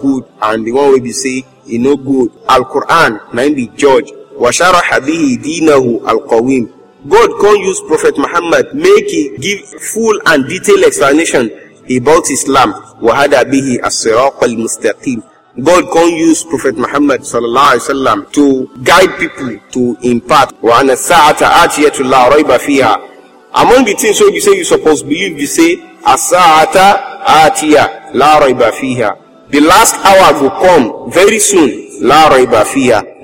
good and the one wey be say e no good alquran na im be judge Washara habihi dinahu alqawim god con use prophet muhammad make e give full and detailed explanation about islam wahada bihi as al-mustaqim god con use prophet muhammad sallallahu alaihi wasallam to guide people to impart wa ana sa'ata atiyatu la rayba fiha among the things wey be say you suppose believe be say as-sa'ata atiya la rayba fiha the last hour will come very soon. La raiba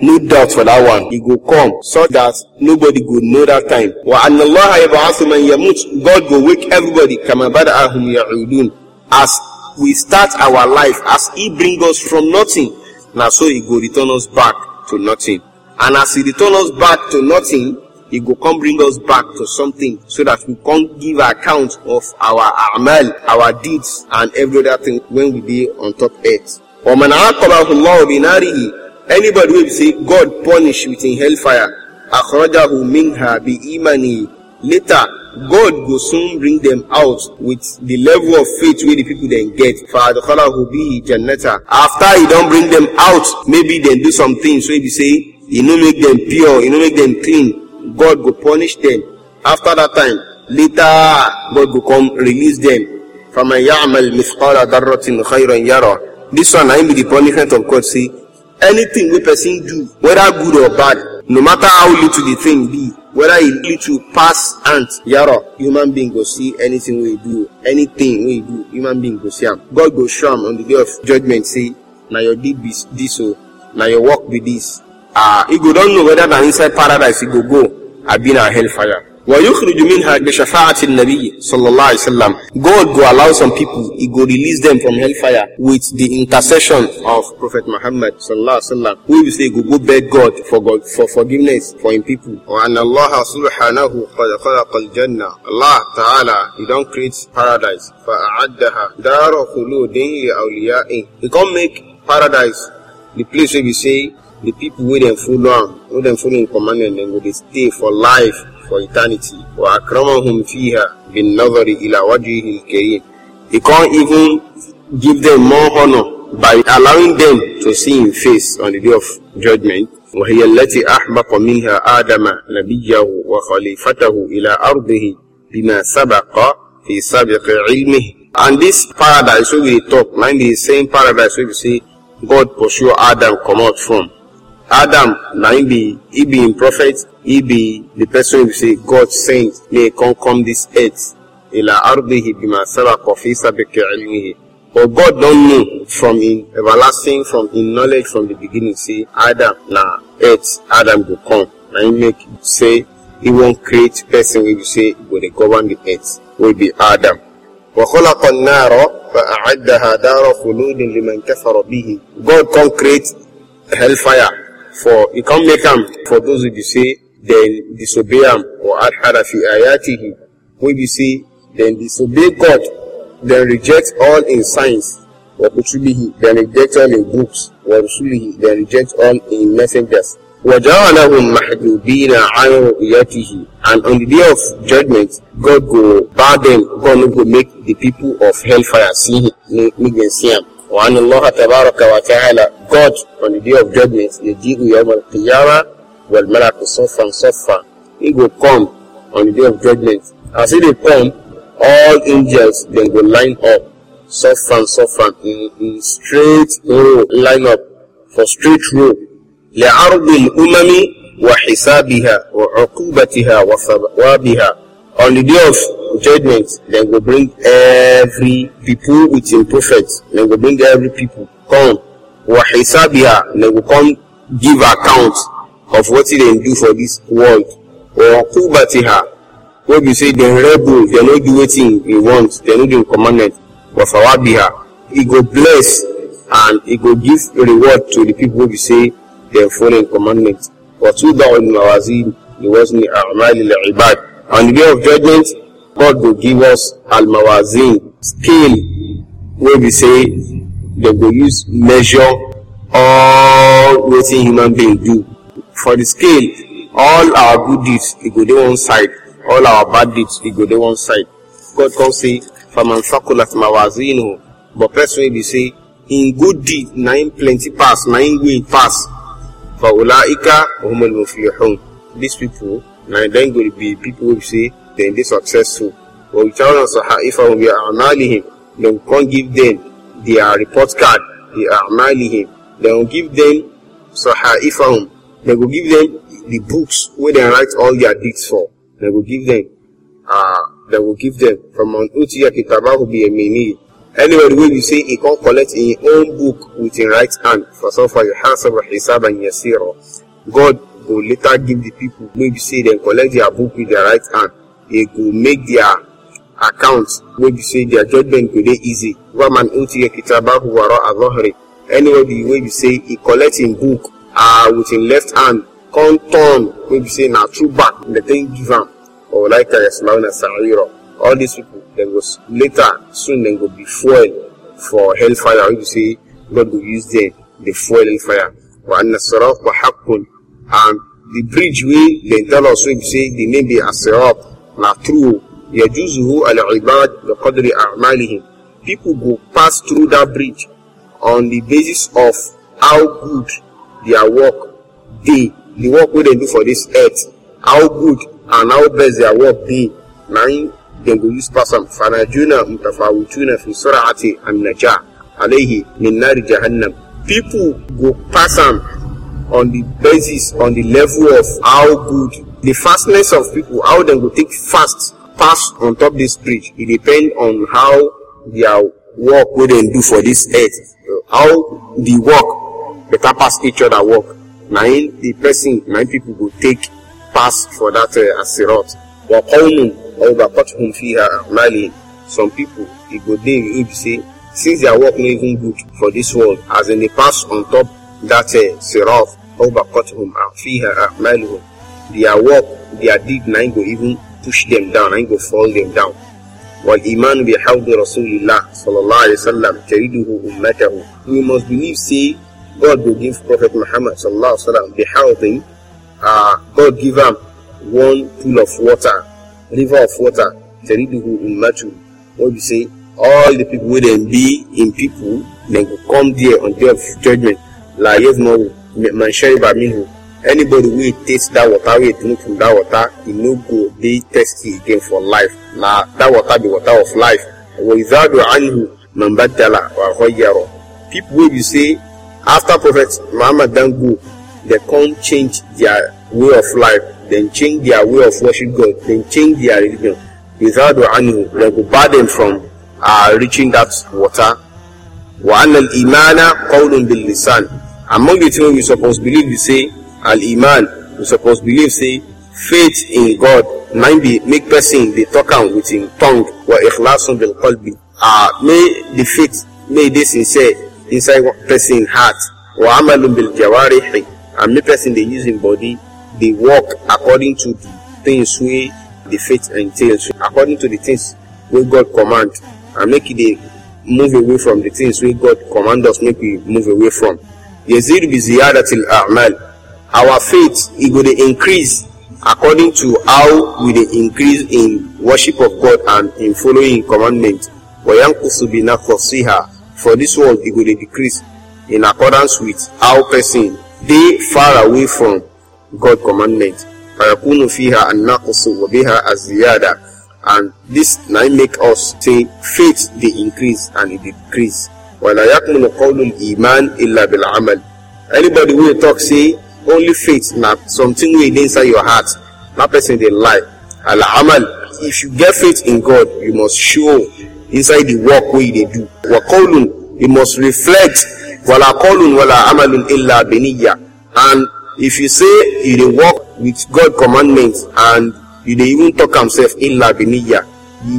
No doubt for that one. It will come so that nobody will know that time. Wa anna Allah yab'athu yamut. God will wake everybody. Kama bada'ahum ya'udun. As we start our life, as He bring us from nothing, now so He will return us back to nothing. And as He return us back to nothing, it will come bring us back to something so that we can give account of our amal, our deeds, and every other thing when we be on top earth. وَمَنْ عَاقَبَهُ اللَّهُ بِنَارِهِ Anybody will say God punish within hellfire. أَخْرَجَهُ مِنْهَا بِإِيمَانِهِ Later, God will soon bring them out with the level of faith where the people then get. فَأَدْخَلَهُ بِهِ جَنَّةً After he don't bring them out, maybe then do some things. So he say, you e know make them pure, you e know make them clean. God go punish them. After that time, later God go come release them. From فَمَنْ يَعْمَلْ مِثْقَالَ ذَرَّةٍ khayran يَرَى This one, I mean the punishment of God. See, anything we person do, whether good or bad, no matter how little the thing be, whether e little pass ant, yaro, human being go see anything we do, anything we do, human being go see am. God go show am on the day of judgment say, na your deed be this o, oh, na your work be this. Ah, uh, he go don't know whether na inside paradise he go go i have been our hellfire. وَيُخْرِجُ مِنْهَا بِشَفَاعَةِ النَّبِيِّ صلى الله عليه وسلم. God go allow some people, He go release them from hellfire with the intercession of Prophet Muhammad sallallahu alaihi wasallam. We will say, go, go beg God for God for forgiveness for him people. وَأَنَّ اللَّهَ سُبْحَانَهُ قَدْ خَلَقَ الْجَنَّةِ Allah Ta'ala, He don't create paradise. فَأَعَدَّهَا دَارُ خُلُودٍ لِأَوْلِيَائِهِ He can't make paradise the place where we say the people wey dem follow am wey dem follow im commandment dem go dey stay for life for eternity wa akramahum fiha bin nazari ila wajhihi alkarim he con even give them more honor by allowing them to see him face on the day of judgment وهي التي أحبط منها آدم نبيه وخليفته إلى أرضه بما سبق في سابق علمه and this paradise wey we dey talk na im be the same paradise wey be say God pursue Adam comot from Adam, now he be, he be prophet, he be the person who say God sent may come come this earth. Ila ardihi bima saraka fi sabiki ilmihi. But God don't know from in everlasting, from in knowledge from the beginning, say Adam, now earth, Adam go come. Now he make say he won't create person he say will they govern the earth, will be Adam. وخلق النار فأعدها دار خلود لمن كفر به. God can create hellfire for you can't make them for those who be say then disobey him or adhara fi ayatihi when you say then disobey God then reject all in signs wa kutubihi then reject all in books wa rusulihi then reject all in messengers وجعلهم محجوبين عن رؤيته and on the day of judgment God will bar them God will make the people of hellfire see him make them see him وأن الله تبارك وتعالى God on the day of judgment يجيء يوم القيامة والملك صفا صفا He will come on the day of judgment as he will come all angels dem will line up صفا صفا in in straight row line up for straight row لعرض الأمم وحسابها وعقوبتها وثوابها on the day of judgment Then go bring every people with im prophet Then go bring every people come wa hisabiha dem go come give account of wetin dem do for this world wa kubatiha wey be say dem rebel dem no do wetin e want dem no do im commandment wa fawabiha e go bless and he go give reward to the people who be say dem follow im commandment wa tudaw al mawazin li wazni a'mali al ibad on the day of judgment God go give us al-mawazin scale wey be say dem go use measure all wetin human being do for the scale all our good deeds e go dey one side all our bad deeds e go dey one side God come say faman fakulat mawazinuhu but person wey be say im good deed na im plenty pass na im wey pass for ulaika humul muflihun these people na dem go be people wey be say Then the successful. we وَيُتَوْنَ صَحَائِفَهُمْ بِأَعْمَالِهِمْ They will not give them their report card, بِأَعْمَالِهِمْ They will give them صَحَائِفَهُمْ They will give them the books where they write all their deeds for. They will give them, uh, they will give them from an utiya a mini. Anyway, the way we say, he can collect in his own book with his right hand. For so far, you have hisaban yasiro. God will later give the people, maybe say, then collect their book with their right hand. they go make their accounts. Maybe say their judgment go dey easy waman utiye kitabahu wara azohri anybody wey be say he collect im book uh, with im left hand come turn Maybe say na through back dem take give am or like yasmauna sa'ira all these people dem go later soon dem go be fuel for hellfire wey be say God go use them dey fuel hellfire wa anna sirata haqqun and the bridge wey dem tell us wey be say the name be asirat are true, يَجُزُهُ الْعِبَادِ بِقَدْرِ أَعْمَالِهِمْ People go pass through that bridge on the basis of how good their work they, the work wey dem do for this earth, how good and how best their work be. na im dem go use pass am. فَنَجُونَ مُتَفَاوِتُونَ fi surati النَّجَاةِ alayhi min nari jahannam People go pass am on the basis, on the level of how good the fastness of people how they go take fast pass on top this bridge it depends on how their work wey dem do for this earth how the work better pass each other work Nine the person nine people will take pass for that uh, asirot wa qawmun aw baqatuhum fiha a'malihim some people e go dey e be say since their work not even good for this world as dem dey pass on top that uh, sirat aw baqatuhum fiha a'malihim their work, their deed, na go even push them down, na go fall them down. والإيمان بحوض رسول الله صلى الله عليه وسلم تريده أمته We must believe, say, God will give Prophet Muhammad صلى الله عليه وسلم بحوض uh, God give him one pool of water, river of water, تريده أمته What we say, all the people will then be in people, then will come there on day of judgment. لا يذنب من شرب منه anybody wey taste that water wey drink from that water e no go dey thirsty again for life na that water be water of life waizadu anhu man badala wa ghayyara people wey be say after prophet muhammad don go dem come change their way of life dem change their way of worship god dem change their religion waizadu anhu dem go bar dem from uh, reaching that water wa anna al-imana qawlun bil among the things we suppose believe be say al-iman we suppose believe say faith in god na be make person dey talk am with im tongue wa ikhlasun bil qalbi ah may the faith may dey sincere inside person heart wa amalun bil jawarihi and may person dey use im body dey work according to the things wey the faith entails according to the things wey god command and make e dey move away from the things wey god command us make we move away from yazid bi ziyadatil a'mal our faith it will increase according to how we dey increase in worship of god and in following him commandment wayankusu binakosiha for this world it will decrease in accordance with how person dey far away from god commandment fayakunu fiha annakusu wabiha aziyada and this na make us say faith dey increase and e dey decrease wala yakmunu iman illa bil anybody wey talk say only faith not something wey inside your heart That person they lie al amal if you get faith in god you must show inside the work way they do wa qawlun you must reflect wala qawlun wala amalun illa beniya. and if you say you dey work with god commandment and you dey even talk am sef illa beniya,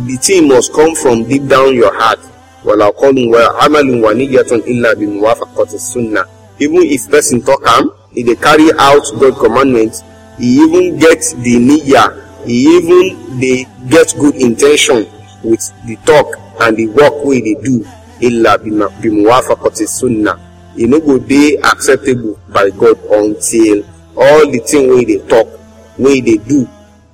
the thing must come from deep down your heart wala qawlun wala amalun wa niyatun illa bi muwafaqati sunnah even if person talk am if they carry out God's commandments. He even gets the niya, He even they get good intention with the talk and the work way they do. Illa bimuwafaqati sunnah. E no go dey acceptable by God until all the thing way they talk, way they do,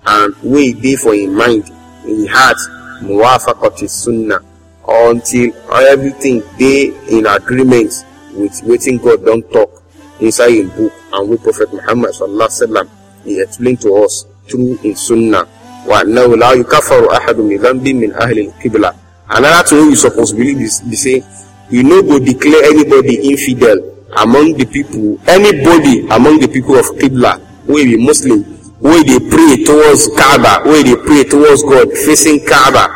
and way they for in mind, in heart, muwafaqati sunnah. Until everything they in agreement with waiting God don't talk inside his book and Prophet Muhammad sallallahu alaihi wasallam he explained to us through in sunnah. وَأَنَّهُ لَا يُكَفَّرُ أَحَدٌ بِذَنْبٍ مِنْ أَهْلِ الْقِبْلَةِ Another thing you supposed to believe is, they say, you no go declare anybody infidel among the people, anybody among the people of Qibla, who be Muslim, where they pray towards Kaaba, where they pray towards God, facing Kaaba.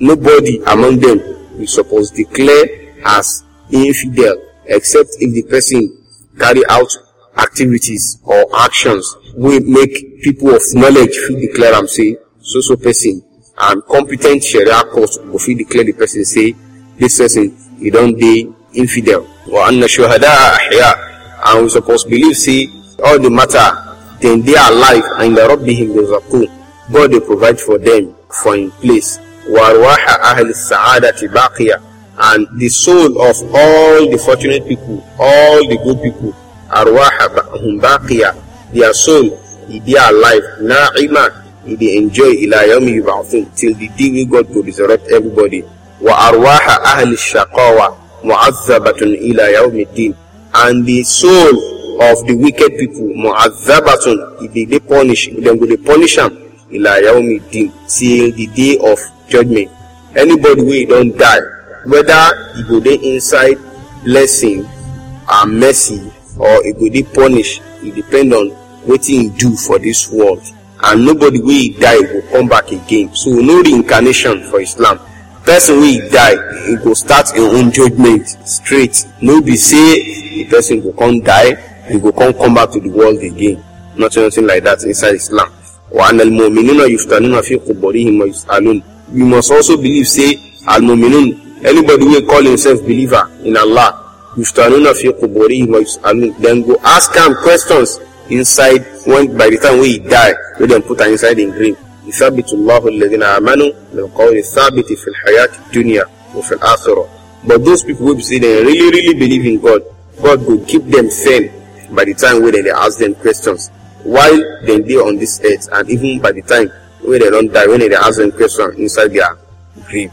Nobody among them you supposed declare as infidel, except if the person carry out activities or actions will make people of knowledge feel declare am say so so person and competent sharia court go fit declare the person say this person he don dey infidel wa anna shuhada ahya and we suppose believe say all the matter dem dey alive and the rabbihim yurzaqun god dey provide for them for him place wa arwaha ahli sa'adati baqiya and the soul of all the fortunate people, all the good people, arwahum baqiya, their soul, they are alive, na'ima, they enjoy ila yawmi yub'athun, till the day we God will resurrect everybody. Wa arwaha ahli shaqawa, mu'azzabatun ila yawmi din. And the soul of the wicked people, mu'azzabatun, they, they punish, they will punish them, ila yawmi din, till the day of judgment. Anybody who don't die, whether it go dey inside blessing and mercy or it go dey punish e depend on wetin e do for this world and nobody wey die go come back again so we know the incarnation for islam person wey die e go start im own judgement straight no be say the person go come die e go come come back to the world again nothing nothing like that inside islam وأن المؤمنين يفتنون في قبورهم ويسألون we must also believe say al-mu'minun Anybody will call himself believer in Allah, yustanuna fi quburihim wa yus'alun. Then go ask him questions inside when by the time we die, we then put him inside in grave. يثبت الله الذين آمنوا بالقول الثابت في الحياة الدنيا وفي الآخرة. But those people who say they really, really believe in God, God will keep them firm by the time when they ask them questions. While they they on this earth, and even by the time when they don't die, when they ask them questions inside their grave.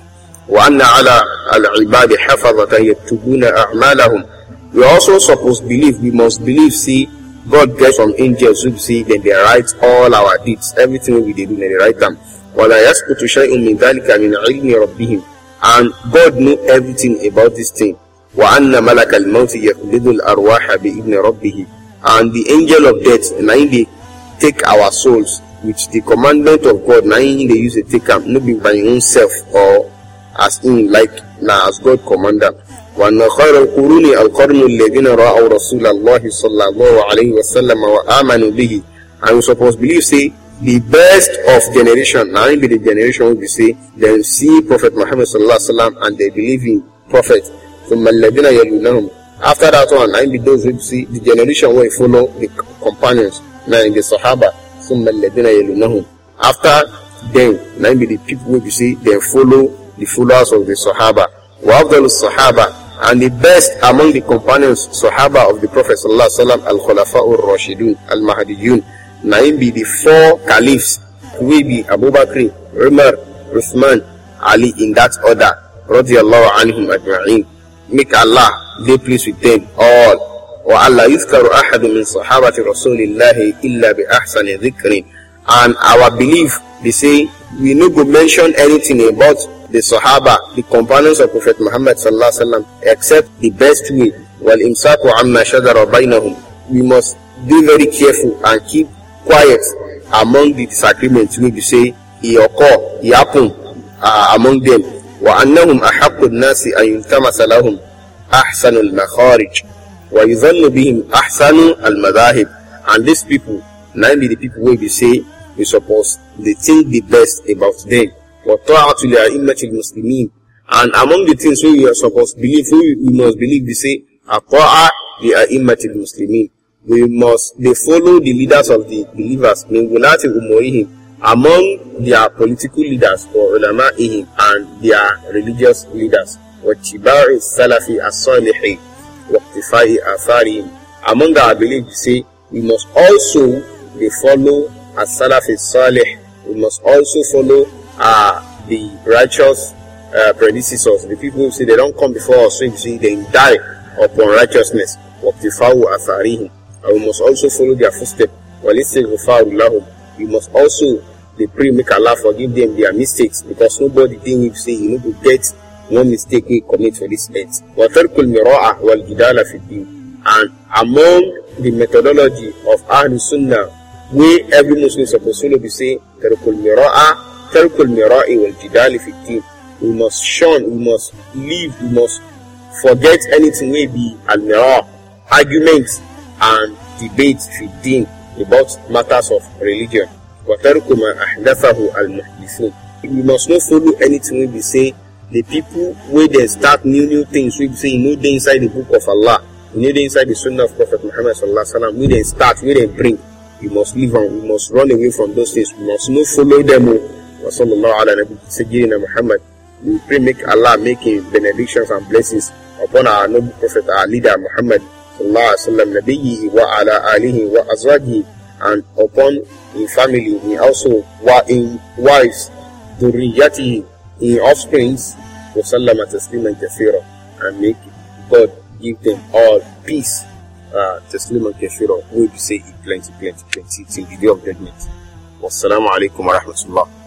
وأن على العباد حفظة أعمالهم we also supposed believe we must believe see God gets from angels see then they write all our deeds everything we did then they write them ولا يسقط شيء من ذلك من علم ربهم and God knew everything about this thing وأن ملك الموت يقبض الأرواح بإذن ربه and the angel of death nine they take our souls which the commandment of God nine they use to take them not by own self or as in like na as God commanded وأن خير القرون القرن الذين رأوا رسول الله صلى الله عليه وسلم وآمنوا به and we suppose believe say the best of generation now be the generation we say then see Prophet Muhammad sallallahu alaihi wasallam and they believe in Prophet ثم الذين يلونهم after that one now be those who see the generation where follow the companions now in the Sahaba ثم الذين يلونهم after then, now be the people who see they follow the followers of the Sahaba. وأفضل Sahaba, and the best among the companions Sahaba of the Prophet sallallahu alaihi wasallam al-Khulafa al-Rashidun al-Mahdiyun. Na be the four caliphs. We be Abu Bakr, Umar, Uthman, Ali in that order. Radiallahu anhum ajma'in. Make Allah be pleased with them all. وَعَلَّا يُذْكَرُ أَحَدٌ مِنْ صَحَابَةِ رَسُولِ اللَّهِ إِلَّا بِأَحْسَنِ ذِكْرٍ and our belief they say we no go mention anything about the sahaba the companions of prophet muhammad sallallahu alaihi wasallam except the best way wal imsaku amma shajara bainahum we must be very careful and keep quiet among the disagreements we be say e occur e happen uh, among them wa annahum ahaqqu an-nasi an yuntamasa lahum ahsanul makharij wa yuzannu bihim ahsanu al-madahib and these people now be the people wey be say we suppose dey think the best about them. but وطاعة لأئمة mean and among the things wey we are supposed to believe wey we must believe be say are لأئمة Muslims? we must dey follow the leaders of the believers من ولاة أمورهم among their political leaders or ihim, and their religious leaders واتباع salafi الصالحين واقتفاء آثارهم among our belief we say we must also we follow as Salaf is Salih, we must also follow uh, the righteous uh, predecessors, the people who say they don't come before us, so you see they die upon righteousness. وَقْتِفَاءُ أَثَارِهِمْ And we must also follow their footsteps. We must also they pray make Allah forgive them their mistakes because nobody thinks will say you know to get one mistake we commit for this end. And among the methodology of Ahlul Sunnah where every Muslim is supposed to be saying, Tarkul Mira'a, Tarkul Mira'i wal Jidali Fitin. We must shun, we must leave, we must forget anything may be al Mira, arguments and debates Fitin about matters of religion. We must not follow anything we be saying. The people where they start new new things, we be saying, you e know, they inside the book of Allah, you e know, they inside the Sunnah of Prophet Muhammad sallallahu alaihi wasallam. We they start, we they bring. we must leave and we must run away from those things, we must not follow them. Oh. Muhammad. We pray make Allah make benedictions and blessings upon our noble prophet, our leader Muhammad Nabiyihi wa ala alihi wa azwajihi and upon his family, He also wa in wives, duriyatihi, in offsprings, wa sallama taslima kathira and make God give them all peace تسليما كثيرا ويبسي plenty plenty plenty till the day of judgment والسلام عليكم ورحمة الله